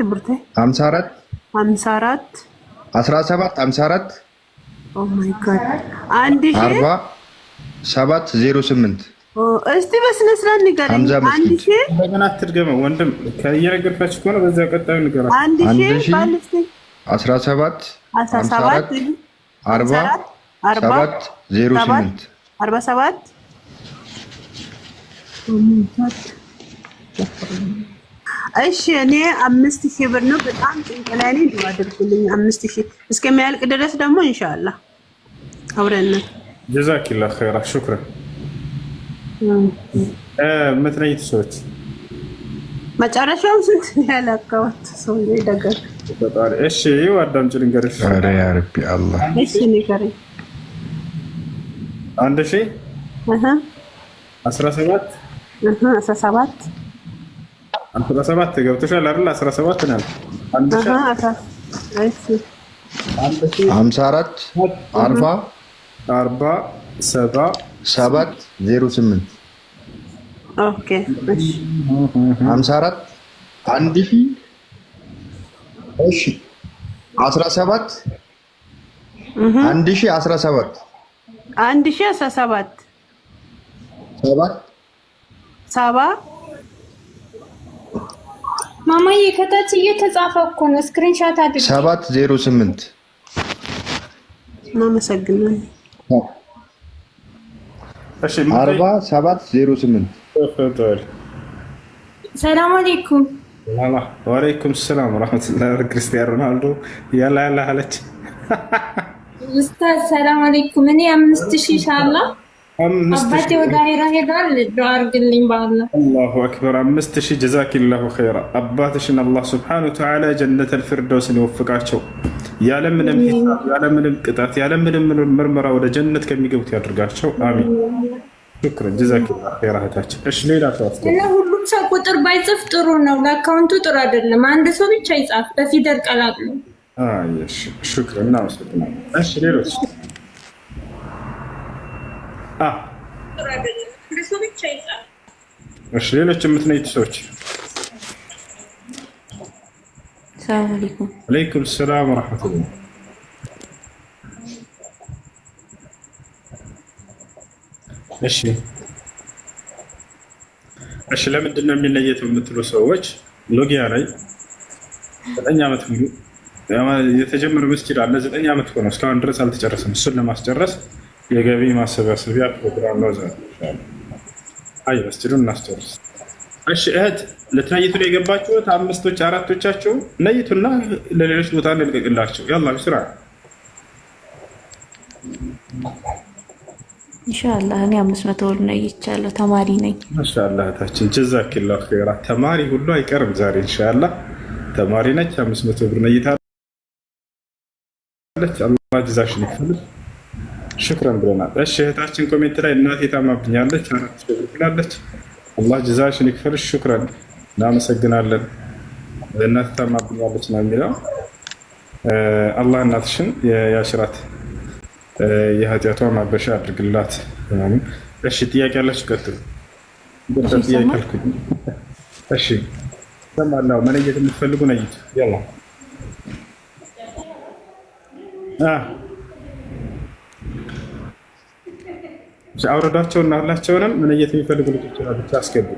አራት ብርቴ ሀምሳ አራት ሀምሳ አራት አስራ ሰባት ሀምሳ አራት አንድ ሺህ አርባ ሰባት ዜሮ ስምንት እስቲ በስነ ስርዓት ንገረኝ። አንድ ሺህ እንደገና አትድገመው ወንድም፣ እየነገርካችሁ ከሆነ በዛ ቀጣዩ ንገራል። አንድ ሺህ አስራ ሰባት አስራ ሰባት አርባ ሰባት ዜሮ ስምንት አርባ ሰባት እሺ እኔ አምስት ሺህ ብር ነው። በጣም ጭንቅላኔ ነው አድርጉልኝ። አምስት ሺህ እስከሚያልቅ ድረስ ደግሞ እንሻላ አብረን ጀዛኪላ ኸይራ እ መትለይት ሰዎች መጨረሻውን ስንት ነው ያላካወት ሰው ይደገር። እሺ ይኸው አዳምጪ ልንገርሽ። አረ ያ ረቢ አላህ እሺ ንገረኝ። አንድ ሺህ አስራ ሰባት አስራ ሰባት አስራ ሰባት ገብተሻል አይደል? አስራ ሰባት ነው አንድ ሺህ ሀምሳ አራት አርባ አርባ ሰባ ሰባት ዜሮ ስምንት ሀምሳ አራት አንድ እሺ አስራ ሰባት አንድ አስራ ሰባት አንድ አስራ ሰባት ሰባ ማማዬ ከታች እየተጻፈ እኮ ነው። ስክሪንሻት አድርግ። 708 ማመሰግናለሁ። እሺ፣ 4708 ሰላም አለይኩም። ወአለይኩም ሰላም ወራህመቱላሂ። ክርስቲያኖ ሮናልዶ ያላ ያላ አለች። ኡስታዝ ሰላም አለይኩም። እኔ አምስት ሺህ ኢንሻአላህ አባቴ ወደ ሄራ ሄዷል። ዱዓ አድርግልኝ በአላህ አላሁ አክበር። አምስት ሺህ ጀዛኪላሁ ኸይራ። አባትሽን አላህ ሱብሓነሁ ወተዓላ ጀነተል ፊርደውስን ይወፍቃቸው። ያለምንም ሂሳብ፣ ያለምንም ቅጣት፣ ያለምንም ምርመራ ወደ ጀነት ከሚገቡት ያድርጋቸው። አሚን። ሽክረን ጀዛኪላሁ ኸይራ እህታችን። እሺ ሌላ እና ሁሉም ሰው ቁጥር ባይጽፍ ጥሩ ነው። ለአካውንቱ ጥሩ አይደለም። አንድ ሰው ብቻ ይጻፍ በፊደል ቀላቅሎ። ሽክረን እናመሰግናለን። እሺ ሌሎች እሺ፣ ሌሎች የምትነይቱ ሰዎች አለይኩም ሰላም ወራህመቱላህ። እሺ፣ እሺ፣ ለምንድን ነው የሚለየት የምትሉ ሰዎች ሎጊያ ላይ ዘጠኝ ዓመት ሙሉ የተጀመረ መስጂድ አለ። ዘጠኝ ዓመት ሆነው እስካሁን ድረስ አልተጨረሰም። እሱን ለማስጨረስ የገቢ ማሰባሰቢያ ፕሮግራም ነው። አይ መስጅዱ እናስጨርስ። እሺ እህት ለተነይቱ ላይ የገባችሁት አምስቶች አራቶቻችሁ ነይቱና ለሌሎች ቦታ እንልቀቅላቸው። ያላ ስራ እንሻላ እኔ አምስት መቶ ብር ነይቻለሁ። ተማሪ ነኝ። ማሻላ እህታችን ጀዛኪላ ራ ተማሪ ሁሉ አይቀርም ዛሬ እንሻላ። ተማሪ ነች። አምስት መቶ ብር ነይታለች። አላ ጅዛሽን ይክፈልል ሽክረን ብለናል። እሺ እህታችን ኮሜንት ላይ እናቴ ታማብኛለች አራት ሺህ ብላለች። አላህ ጅዛሽን ይክፈል። ሽክረን እናመሰግናለን። እናቴ ታማብኛለች ነው የሚለው። አላህ እናትሽን የአሽራት የኃጢአቷ ማበሻ አድርግላት። እሺ ጥያቄ ያለች ቀጥሉ። እሺ ሰማላው መነየት የምትፈልጉ ነይት ያላ አውረዷቸው እና ሁላቸውንም መነየት የሚፈልጉ ልጆች ብቻ አስገቡ።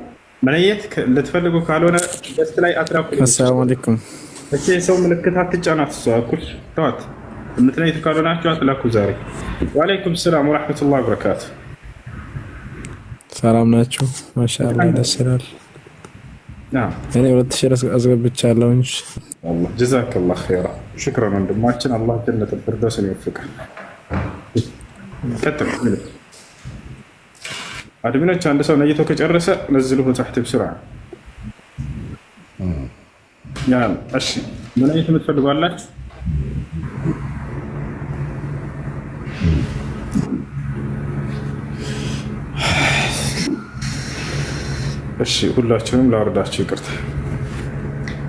መነየት ልትፈልጉ ካልሆነ ገስት ላይ አትራኩ። አሰላሙ አለይኩም። እሺ የሰው ምልክት አትጫናት፣ እሷ እኩል ተዋት። የምትነይት ካልሆናችሁ አትላኩ። ዛሬ ዋሌይኩም ሰላም ወረሕመቱላሂ ወበረካቱ። ሰላም ናችሁ። ማሻአላህ ደስ ይላል። እኔ ሁለት ሺህ አስገብቻለሁ እንጂ ጀዛከላህ ኸይራ። ሽክረን ወንድማችን፣ አላህ ጀነቱል ፊርደውስን ይወፍቃል። ቀጥል አድሚኖች አንድ ሰው ነይቶ ከጨረሰ ነዝልሁ ታሕት ብስራ እሺ ምን አይነት የምትፈልጉ እሺ ሁላችሁንም ላወርዳችሁ ይቅርታ።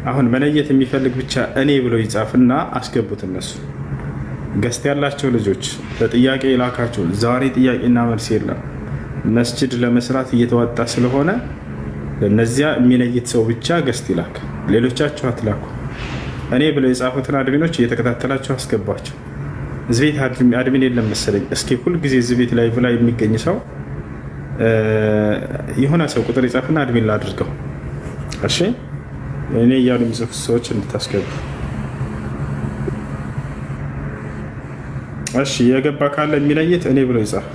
አሁን መለየት የሚፈልግ ብቻ እኔ ብሎ ይጻፍና አስገቡት። እነሱ ገስት ያላቸው ልጆች በጥያቄ የላካቸው ዛሬ ጥያቄና መልስ የለም። መስጅድ ለመስራት እየተዋጣ ስለሆነ እነዚያ የሚለይት ሰው ብቻ ገስት ይላክ፣ ሌሎቻችሁ አትላኩ። እኔ ብለው የጻፉትን አድሚኖች እየተከታተላችሁ አስገባቸው። እዚህ ቤት አድሚን የለም መሰለኝ። እስኪ ሁልጊዜ እዚህ ቤት ላይ ብላ የሚገኝ ሰው የሆነ ሰው ቁጥር የጻፍና አድሚን ላድርገው። እሺ እኔ እያሉ የሚጽፉ ሰዎች እንድታስገቡ እሺ። የገባ ካለ የሚለየት እኔ ብሎ ይጻፍ።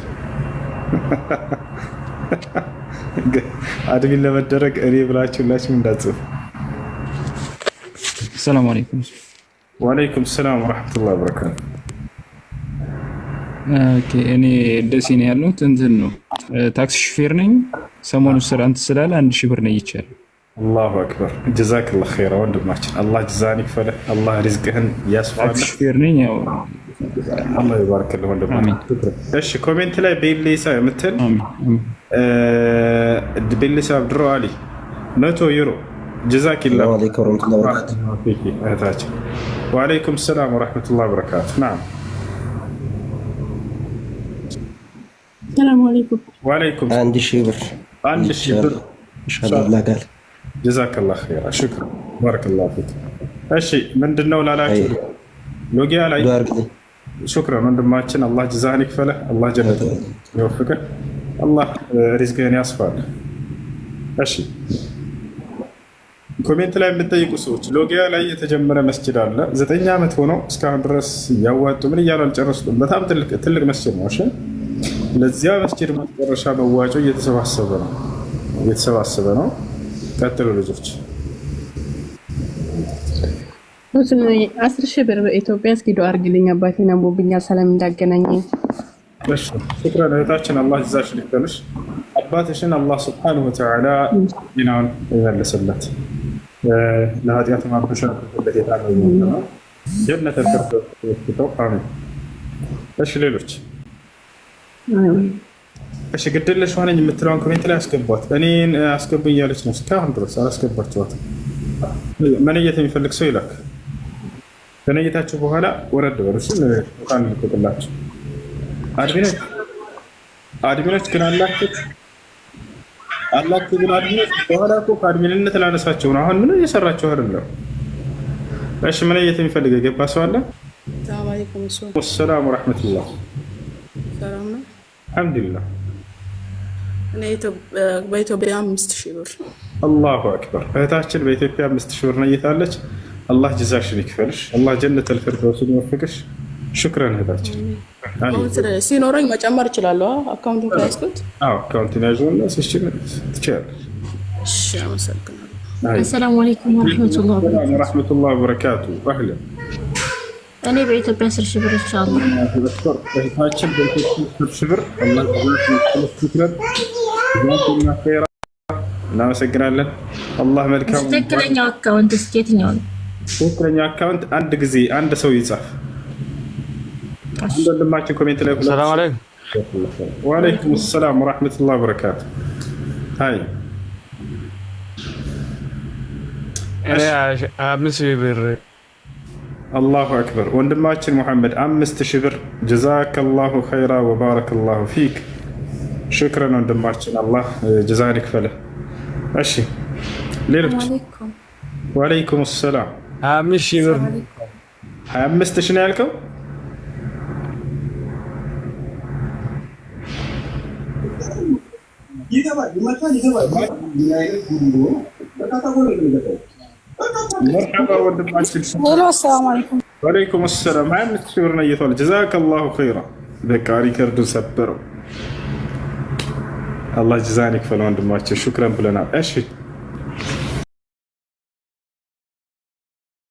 አድሚን ለመደረግ እኔ ብላችሁ ሁላችሁም እንዳትጽፉ። ሰላም አለይኩም። ወአለይኩም ሰላም ወረሕመቱላሂ ወበረካቱ። እኔ ደሴ ነው ያለሁት። እንትን ነው ታክሲ ሹፌር ነኝ። ሰሞኑ ስራ እንትን ስላለ አንድ ሺህ ብር ነው ይቻላል። አላሁ አክበር። ጀዛከላሁ ኸይራ ወንድማችን፣ አላህ ጅዛን ይክፈልህ። አላህ ሪዝቅህን ያስፋልህ። ታክሲ ሹፌር ነኝ ያው ባርክልህ ወንድምህ። እሺ ኮሜንት ላይ ቤሌሳ የምትል ቤሌሳ አብድሮ አሊ መቶ ዩሮ ጀዛኪላ እህታችን። ወአለይኩም ሰላም ወረሕመቱላህ በረካቱ። ናም ወአለይኩም አንድ ሺህ ብር አንድ ሺህ ብር ጀዛከላህ ኸይራ ሽክር ባረከላሁ ፊክ። እሺ ምንድነው ላላችሁ ሎጊያ ላይ ሹክረን ወንድማችን፣ አላህ ጅዛህን ይክፈለ አላህ ጀነት ይወፍቅህ፣ አላህ ሪዝቅህን ያስፋልህ። እሺ ኮሜንት ላይ የምጠይቁ ሰዎች ሎጊያ ላይ የተጀመረ መስጅድ አለ። ዘጠኝ ዓመት ሆነው እስካሁን ድረስ እያዋጡ ምን እያሉ አልጨረሱም። በጣም ትልቅ መስጅድ ነው። እሺ ለዚያ መስጅድ መጨረሻ መዋጮ እየተሰባሰበ ነው እየተሰባሰበ ነው። ቀጥሉ ልጆች። አስር ሺህ ብር በኢትዮጵያ እስኪ ዶ አርግልኝ አባቴ አሞብኛል ሰላም እንዳገናኝ ሽክረን እህታችን፣ አላህ ጅዛሽ ልክተንሽ። አባትሽን አላህ ስብሓነሁ ወተዓላ ጤናውን የመለሰለት ለኃጢአት ማበሻ ለጌታ ነው ጀነት ልክተው። አሜን። እሺ ሌሎች እሺ ግድለሽ ሆነኝ የምትለውን ኮሜንት ላይ አስገቧት። እኔን አስገቡኝ እያለች ነው እስካሁን ድረስ አላስገባችኋትም። መነየት የሚፈልግ ሰው ይላክ። ከነየታችሁ በኋላ ወረድ በሉ። እሱን ቁርአን አድሚኖች አድሚኖች ግን አላችሁ አላችሁ ግን አድሚኖች በኋላ እኮ ከአድሚንነት ላነሳቸው ነው። አሁን ምን እየሰራቸው አይደለም። እሺ ምን የት የሚፈልገ ገባ ሰው አለ? ሰላም ወረሕመቱላህ አልሐምዱሊላህ። በኢትዮጵያ አምስት ሺህ ብር አላሁ አክበር። እህታችን በኢትዮጵያ አምስት ሺህ ብር ነይታለች። አላህ ጀዛሽን ይክፈልሽ። አላህ ጀነት አልፊርደውስን ይወፍቅሽ። ሹክረን እህታችን። ሲኖረኝ መጨመር እችላለሁ። አካውንቱን ከያዝኩት አካውንቱን ያዥና ስችን ትችላለሽ። አሰላሙ አለይኩም ወረሕመቱላህ ወበረካቱ። አህለን እኔ በኢትዮጵያ አስር ሺህ ብር ይቻላል። እህታችን በኢትዮጵያ አስር ሺህ ብር እናመሰግናለን። አላህ መልካም ትክክለኛው አካውንት የትኛው ነው? ትክክለኛ አካውንት አንድ ጊዜ አንድ ሰው ይጻፍ። አንድ ወንድማችን ኮሜንት ላይ ሰላም አለይኩም ወአለይኩም ሰላም ወራህመቱላሂ ወበረካቱ። አይ አምስት ሺህ ብር አላሁ አክበር። ወንድማችን ሙሐመድ አምስት ሺህ ብር ጀዛከላሁ ኸይራ ወባረከላሁ ፊክ። ሽክረን ወንድማችን፣ አላህ ጀዛን ይክፈለ። እሺ ሌሎች ወአለይኩም ሰላም 25 ሺህ ብር 25 ሺህ ነው ያልከው? ወአለይኩም ሰላም። ሀያ አምስት ሺህ ብር ነው እየተባለ ጀዛከ አላሁ ኸይራ። በቃ ሪከርዱን ሰበረው። አላህ ጅዛን ይክፈል ወንድማችን። ሹክረን ብለናል። እሺ